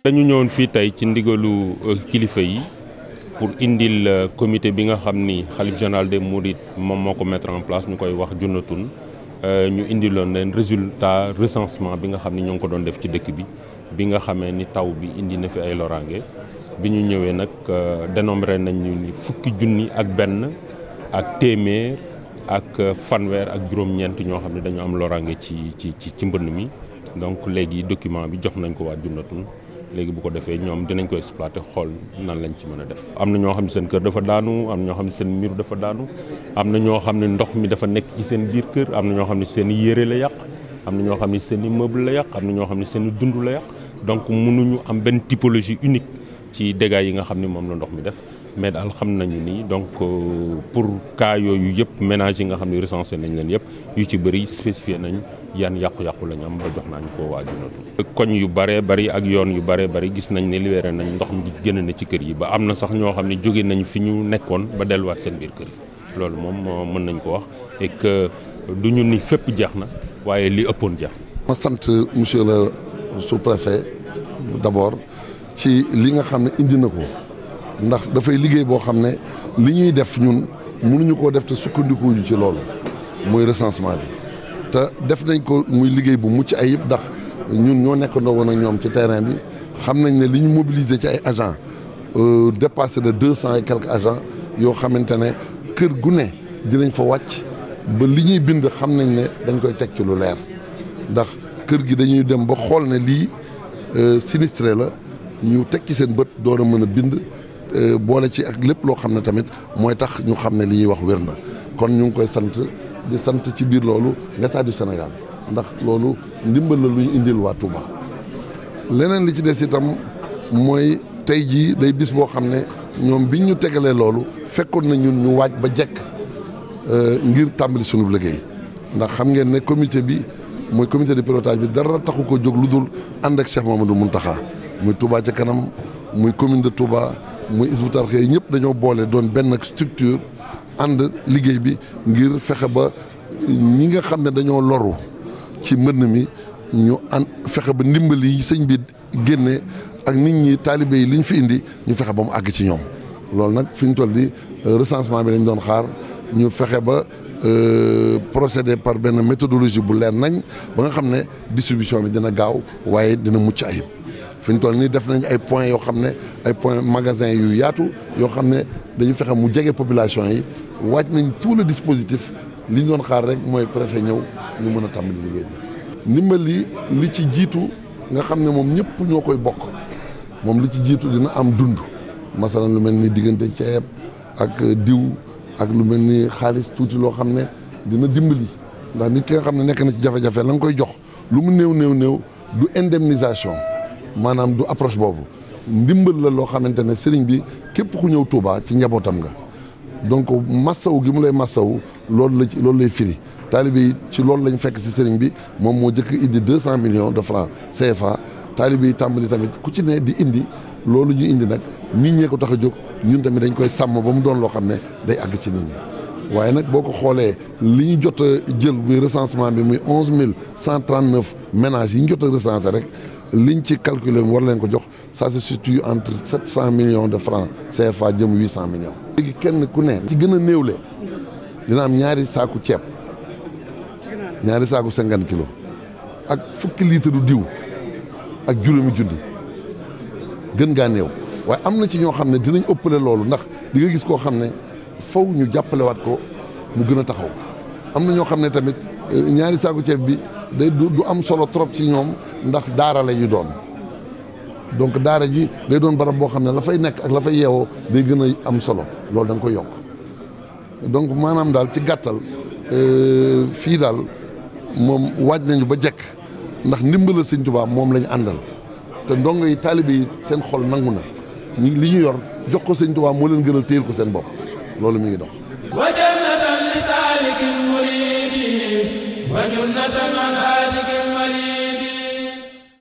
dañu ñëwoon fii tey ci ndigalu euh, kilifa yi pour indil euh, comité bi nga xam ni xalif général des Mourides moom moo ko mettre en place ñu koy wax junnatun euh, ñu indiloon leen résultat recensement bi nga xam ni ñoo ngi ko doon def ci dëkk bi bi nga xamee ni taw bi indi na fi ay loraange bi ñu ñëwee nag dénombré nañu ni fukki junni ak benn ak téeméer ak fanweer ak juróom-ñeent ñoo xam ne dañu am loraange ci ci ci mbënn mi donc léegi document bi jox nañ ko waa junnatun léegi bu ko defee ñoom dinañ ko exploiter xool nan lañ ci mën a def am na ñoo xam ne seen kër dafa daanu am na ñoo xam ne seen miiru dafa daanu am na ñoo xam ne ndox mi dafa nekk ci seen biir kër am na ñoo xam ne seen i yére la yàq am na ñoo xam ne seen i meuble la yàq am na ñoo xam ne seen dundu dund la yàq donc mënuñu am benn typologie unique ci dégâts yi nga xam ne moom la ndox mi def mais daal xam nañu nii donc euh, pour cas yooyu yëpp ménage yi nga xam ne recensé nañ leen yëpp yu ci bëri spécifié nañ yan yàqu-yàqu lañu am ba jox naa ñu ko waa Junatu koñ yu bare bari ak yoon yu bare bari gis nañ ne libéré nañ ndox mi génn na ci kër yi ba am na sax ñoo xam ne jóge nañ fi ñu nekkoon ba delluwaat seen biir kër yi loolu moom moo mën nañ ko wax et du ñu ni fépp jeex na waaye li ëppoon jeex ma sant monsieur le sous-préfet d'abord ci li nga xam ne indi na ko ndax dafay liggéey boo xam ne li ñuy def ñun mënuñu koo def te sukkandikuñu ci loolu muy recensement bi te def nañ ko muy liggéey bu mucc ayib ndax ñun ñoo nekkandoo woon ak ñoom ci terrain bi xam nañ ne li ñu mobiliser ci ay agents euh, dépassé de deux cent et quelques agents yoo xamante ne kër gu ne dinañ fa wàcc ba li ñuy bind xam nañ ne dañ koy teg ci lu leer ndax kër gi dañuy dem ba xool ne lii euh, sinistré la ñu teg ci seen bët door a mën a bind euh, boole ci ak lépp loo xam ne tamit mooy tax ñu xam ne li ñuy wax wér na kon ñu ngi koy sant. di sant ci biir loolu l'état du Sénégal ndax loolu ndimbal la lu ñu indil waa Touba leneen li ci des itam mooy tey jii day bis boo xam ne ñoom biñ ñu tegalee loolu fekkoon na ñun ñu waaj ba jekk euh, ngir tàmbali sunu liggéey ndax xam ngeen ne comité bi mooy comité de pilotage bi dara taxu ko jóg lu dul ànd ak du Mamadou Mountakha muy Touba ci kanam muy commune de Touba muy Hizbut Tarqiyyah ñëpp dañoo boole doon benn structure ànd liggéey bi ngir fexe ba ñi nga xam ne dañoo loru ci mbënn mi ñu an fexe ba ndimbal yi sëñ bi génne ak nit ñi taalibe yi liñ fi indi ñu fexe ba mu àgg ci ñoom loolu nag fi ñu toll di euh, recensement bi dañ doon xaar ñu fexe ba euh, procéder par benn méthodologie bu leer nañ ba nga xam ne distribution bi dina gaaw waaye dina mucc ayib fi ñu toll nii def nañ ay point yoo xam ne ay points magasin yu yaatu yoo xam ne dañu fexe mu jege population yi wàcc nañ tout le dispositif li ñu doon xaar rek mooy préfet ñëw ñu mën a tàmbali liggéey bi ndimbali li li ci jiitu nga xam ne moom ñëpp ñoo koy bokk moom li ci jiitu dina am dund masalan lu mel ni diggante ceeb ak diw ak lu mel ni xaalis tuuti loo xam ne dina dimbali ndax nit ki nga xam ne nekk na ci jafe-jafe la nga koy jox lu mu néew néew néew du indemnisation maanaam du approche boobu ndimbal la loo xamante ne sëriñ bi képp ku ñëw Touba ci njabootam nga donc massaw gi mu lay massaw loolu la ci loolu lay firi taalibe yi ci loolu lañu fekk si sëriñ bi moom moo njëkk indi deux cent millions de francs CFA taalibe yi tàmbali tamit ku ci ne di indi loolu ñu indi nag nit ñee ko tax a jóg ñun tamit dañ koy sàmm ba mu doon loo xam ne day àgg ci nit ñi waaye nag boo ko xoolee li ñu jot a jël muy recensement bi muy onze mille cent trente neuf ménages yi ñu jot a recensé rek ñu ci calculer war leen ko jox ça se situe entre sept cent millions de francs CFA jëm huit cent millions. léegi kenn ku ne ci gën a néewle dina am ñaari saaku ceeb ñaari saaku cinquante kilo ak fukki litre du diw ak juróomi junni gën gaa néew waaye am na ci ñoo xam ne dinañ ëppale loolu ndax di nga gis koo xam ne faw ñu jàppalewaat ko mu gën a taxaw am na ñoo xam ne tamit euh, ñaari saaku ceeb bi day du am solo trop ci ñoom ndax daara la ñu doon donc daara ji day doon barab boo xam ne la fay nekk ak la fay yeewoo day gën a am solo loolu dañ koy yokk donc maanaam daal ci gàttal euh, fii daal moom waaj nañu ba jekk ndax ndimbala sëñ Tuubaa moom lañu àndal te ndongo yi taalibe yi seen xol nangu na ñi li ñu yor jox ko sëñ Tuubaa moo leen gënal téyel ko seen bopp loolu mi ngi dox wa jannatan li saalikin muridi wa jannatan an aalikin mari